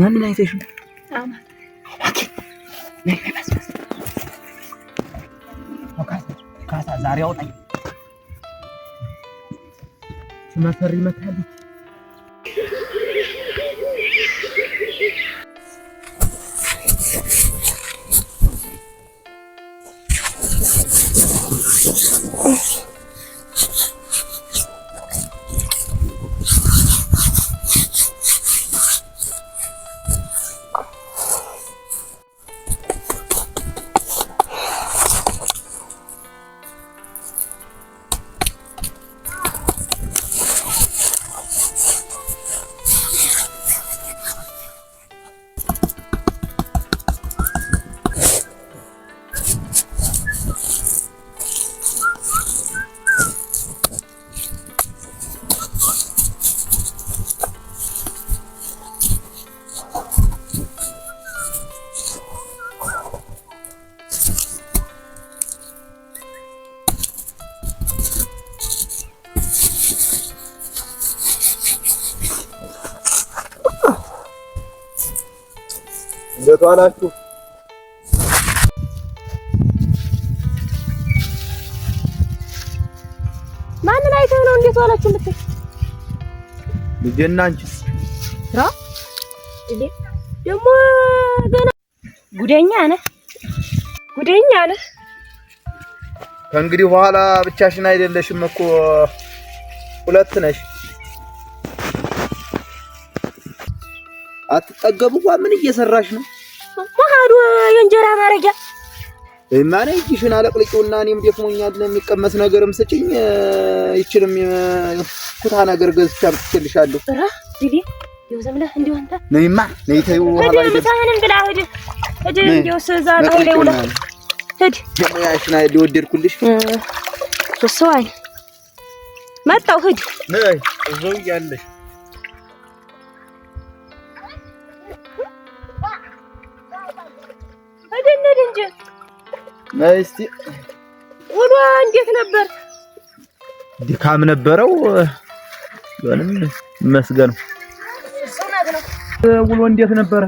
ማንን አይተሽ ነው? ካሳ ዛሬ አውጣኝ። ስማፈሪ መታለች እንዴት ዋላችሁ? ማንን አይተህ ነው እንዴት ዋላችሁ የምትል ልጄ? አንቺ አንቺስ ስራ እንዴ? ደግሞ ገና ጉደኛ ነህ፣ ጉደኛ ነህ። ከእንግዲህ በኋላ ብቻሽን አይደለሽም እኮ ሁለት ነሽ። አትጠገቡ። ምን እየሰራሽ ነው? እንጀራ ማረጊያ ማነ ይሽን አለቅልቂውና እኔም ደክሞኛል፣ የሚቀመስ ነገርም ስጭኝ። ይችልም ኩታ ነገር ገዝቼ አምጥቼልሻለሁ። ራ ዲዲ ነይማ ነይ ተይው ወራይ ደም ብላ ለውላ አይ መጣው ሂድ ነይ እዛው እያለሽ እስቲ ውሎ እንዴት ነበር? ድካም ነበረው። ምንም ይመስገነው። ውሎ እንዴት ነበረ?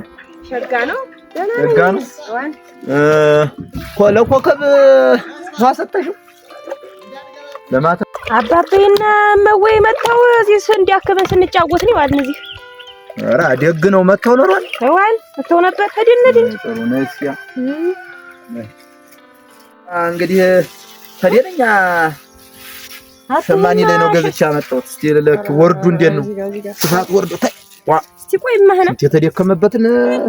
ሸጋ ነው፣ ሸጋ ነው። ለኮከብ ውሃ ሰጠሽው? ለማታ አባቤና መወይ መጥተው እዚህ እንዲያከበን ስንጫወት ነው ያልን እዚህ ኧረ ደግ ነው መጥተው ኖሯል። ተዋል መጥተው ነበር። እንግዲህ ተደለኛ ሸማኔ ላይ ነው ገዝቼ ያመጣሁት። እስቲ ለክ ወርዱ እንዴት ነው? ስፋት ወርዱ ታይ ዋ እስቲ ቆይ ማህነ ማህና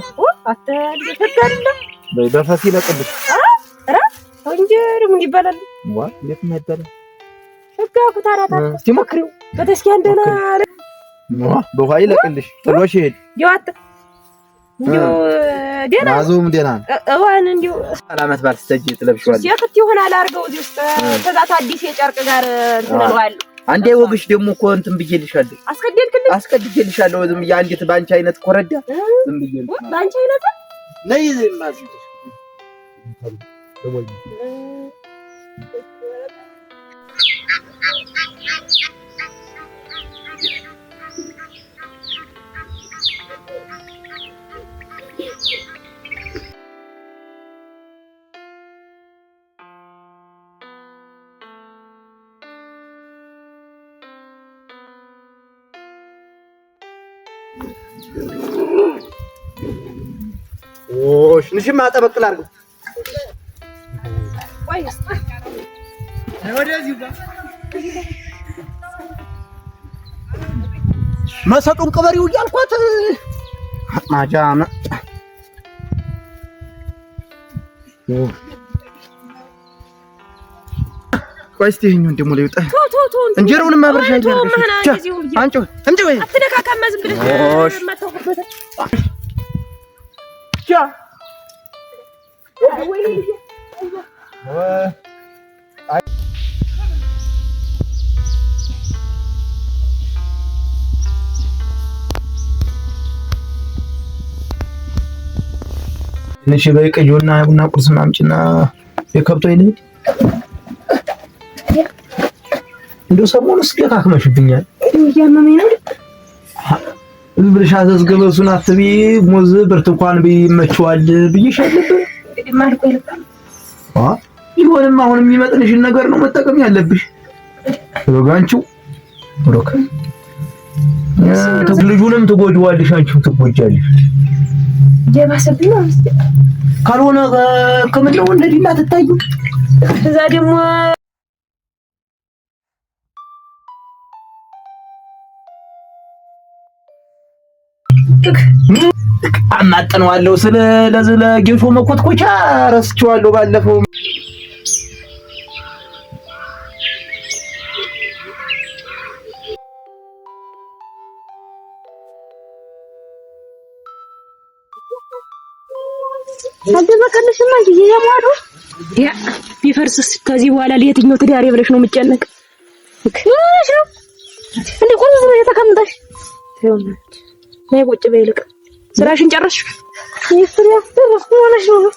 እንዴ አታ በፈሲ ለቅልሽ ኧረ ወንጀር ምን ይባላል? ዋ እንዴት ነው ይባላል? ህጋ ኩታራታ እስቲ ሞክሪው በተስኪ አለ ዋ በኋላ ይለቅልሽ ጥሎሽ ይሄድ ይዋጥ ደህና ራዙም ደህና እዋን እንዲሁ አላመት ባል ስትሄጂ ትለብሺዋለሽ። የክት ይሆን አላርገው እዚህ ውስጥ ከዛ አዲስ የጨርቅ ጋር እንትን አንዴ ወግሽ ደግሞ እኮ እንትን ብዬልሻለሁ፣ አስቀድልክልኝ አስቀድልሻለሁ። ዝም ብዬሽ አንዲት በአንቺ አይነት ኮረዳ ዝም ብዬሽ በአንቺ አይነት ነይ ዝም ማለት ምሽም ጠበቅ ላድርገው። መሰጡን ቅበሪው እያልኳት ማጃ ቆይ እስኪ ይኸኛውን ደግሞ ላይ ውጣ። እንጀራውንም አብረሻ አንቺ ወይ ትንሽ በይ ቅጆና ቡና ቁርስ አምጪና የከብቶ ይልህ እንደው ሰሞኑን ስደካክመሽብኛል። እያመመኝ ነው። ዝም ብለሽ አዘዝገበሱን አትቢ ሙዝ ብርቱካን ቢመችዋል ብዬሽ አለብህ ይሆንም አሁን የሚመጥንሽን ነገር ነው መጠቀም ያለብሽ። ሎጋንቹ ሮጋንቺው ሮካ ልጁንም ትጎጂዋለሽ፣ አንቺም ትጎጃለሽ። ካልሆነ ከምለው እንደዚህ እንዳትታዩ እዛ ደግሞ እ አማጥነዋለሁ። ስለ ለጌሾ መኮትኮቻ ረስቼዋለሁ ባለፈው አልደበቀልሽም አንቺ የማዶ ያ ቢፈርስስ ከዚህ በኋላ ለየትኛው ትዳሬ ብለሽ ነው የምጨነቅ? እሺ እንዴ ቆንጆ ነው የተቀምጠሽ። ይኸውልሽ ነይ ቁጭ በይ ይልቅ ስራሽን ጨረስሽ? ይስራ ነው።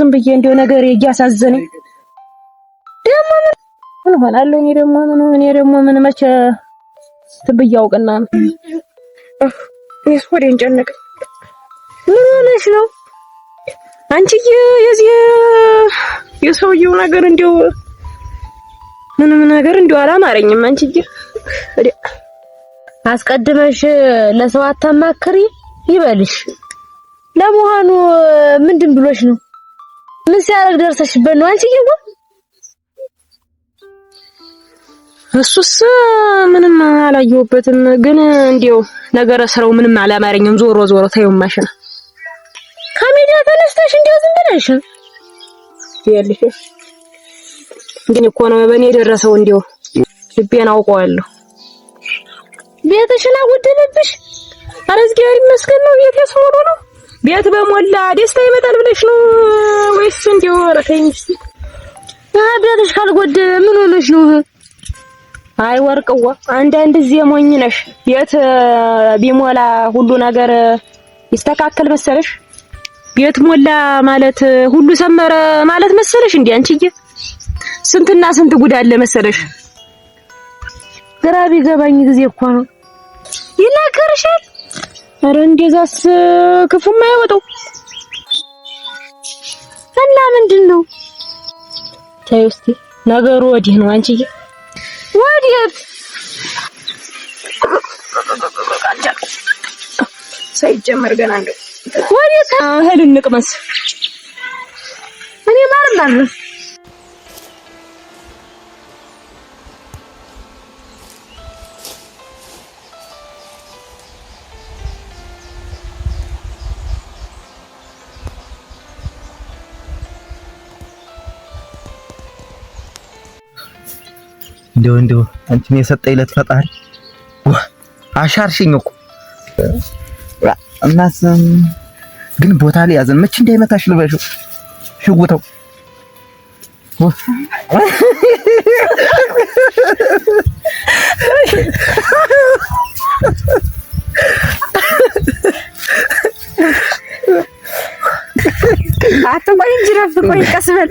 ዝም ብዬ ነገር እያሳዘነኝ ደግሞ ምን እሆናለሁ እኔ ደግሞ ምን እኔ ደግሞ ምን መቼ ትብያውቅና ነው እኔስ ወዴን ጨነቀ። ምን ሆነሽ ነው አንቺዬ? የዚህ የሰውየው ነገር እንደው ምንም ነገር እንደው አላማረኝም አንቺዬ አስቀድመሽ ለሰው አታማክሪ ይበልሽ። ለመሆኑ ምንድን ብሎሽ ነው? ምን ሲያደርግ ደርሰሽበት ነው? አንቺ ይሁን እሱስ ምንም አላየሁበትም፣ ግን እንዲያው ነገረ ስራው ምንም አላማረኝም። ዞሮ ዞሮ ታየው ማሽና ከሜዳ ተነስተሽ እንዲያው ዝም ብለሽ ይልሽ ግን እኮ ነው በእኔ የደረሰው። እንዲያው ልቤን አውቀዋለሁ። ቤትሽን አወደመብሽ። ኧረ እግዚአብሔር ይመስገን ነው። ቤት ያስሞሉ ነው። ቤት በሞላ ደስታ ይመጣል ብለሽ ነው ወይስ እንደው ኧረ ተይኝ እስኪ። ቤትሽ ካልጎደለ ምን ሆነሽ ነው? አይ ወርቅዋ፣ አንዳንድ ጊዜ ሞኝ ነሽ። ቤት ቢሞላ ሁሉ ነገር ይስተካከል መሰለሽ? ቤት ሞላ ማለት ሁሉ ሰመረ ማለት መሰለሽ? እንዴ አንቺዬ ስንትና ስንት ጉድ አለ መሰለሽ? ግራ ቢገባኝ ጊዜ እኮ ነው ይናገርሻል። ኧረ እንደዛስ ክፉም አይወጣው እና ምንድን ነው? ተይው እስኪ ነገሩ ወዲህ ነው። አንቺዬ ወዲህ ሳይጀመር ገና እንደው ወዲህ እህል እንቅመስ እኔ ማር እናለሁ እንደው እንደው አንቺን የሰጠ ይለት ፈጣሪ አሻርሽኝ እኮ እናስ ግን ቦታ ላይ ያዘን መቼ እንዳይመታሽ ልበሽው ሽውተው አትቆይ እንጂ ረፍ ቆይ ቀስ በል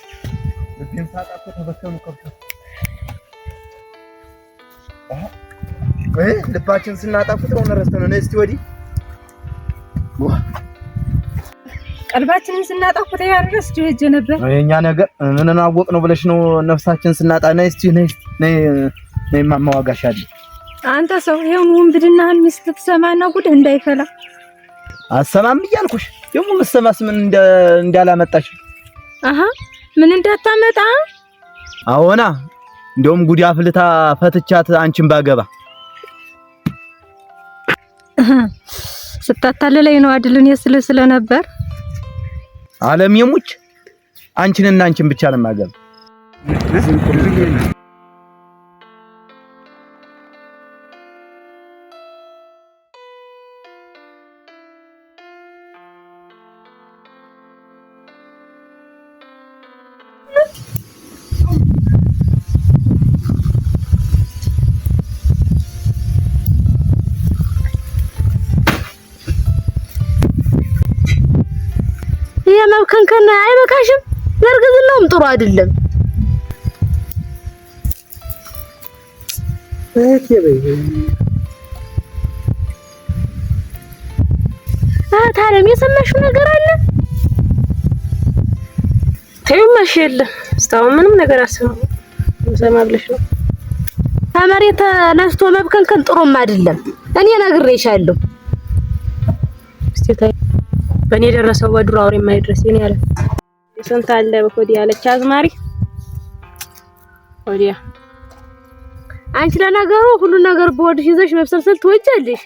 እዚህም ሳጣ እኮ ተበተኑ ከብቶች ልባችን ስናጣፉት ነው ረስተነው ነው። እስቲ ወዲህ ቀልባችንን ስናጣፉት ያርስ ጀጀ ነበር። የኛ ነገር ምንን አወቅ ነው ብለሽ ነው ነፍሳችን ስናጣ ነይ እስቲ ነይ ነይ ነይ አንተ ሰው ይሄን ውንብድናህን ሚስት ትሰማና ጉድ እንዳይፈላ አሰማም እያልኩሽ ደግሞ መሰማስ ምን እንዳላመጣሽ አሃ ምን እንዳታመጣ አዎና እንደውም ጉዲ አፍልታ ፈትቻት አንቺን ባገባ ስታታልለኝ ነው አድልን እኔ ስለ ስለነበር አለም የሙች አንቺንና አንቺን ብቻ ነው የማገባ መብከንከን አይበቃሽም? ለእርግዝናውም ጥሩ አይደለም። እህት የሰማሽው ነገር አለ? ተይማሽ እስካሁን ምንም ነገር ነው። ከመሬት ተነስቶ መብከንከን ጥሩም አይደለም። እኔ ነግሬሻለሁ። በእኔ የደረሰው በዱር አውሬ የማይደርስ ይሄን ያለ ስንት አለ በኮዲያ አለች አዝማሪ ኮዲያ። አንቺ ለነገሩ ሁሉን ነገር በወድሽ ይዘሽ መብሰልሰል ትወጃለሽ።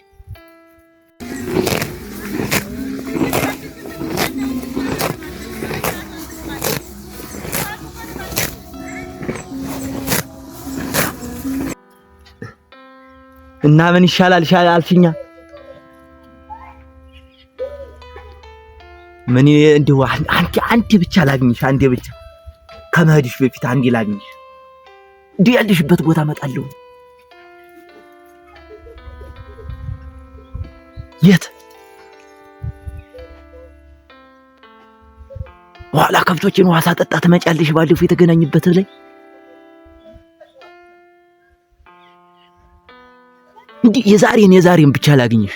እና ምን ይሻላል? ሻል አልሽኛ ምን እንደው አንዴ አንዴ ብቻ ላግኝሽ፣ አንዴ ብቻ ከመሄድሽ በፊት አንዴ ላግኝሽ። እንዲህ ያለሽበት ቦታ እመጣለሁ። የት ኋላ ከብቶችን ውሃ ሳጠጣ ትመጫለሽ። ባለፈው የተገናኝበት ላይ እንዲህ የዛሬን የዛሬን ብቻ ላግኝሽ።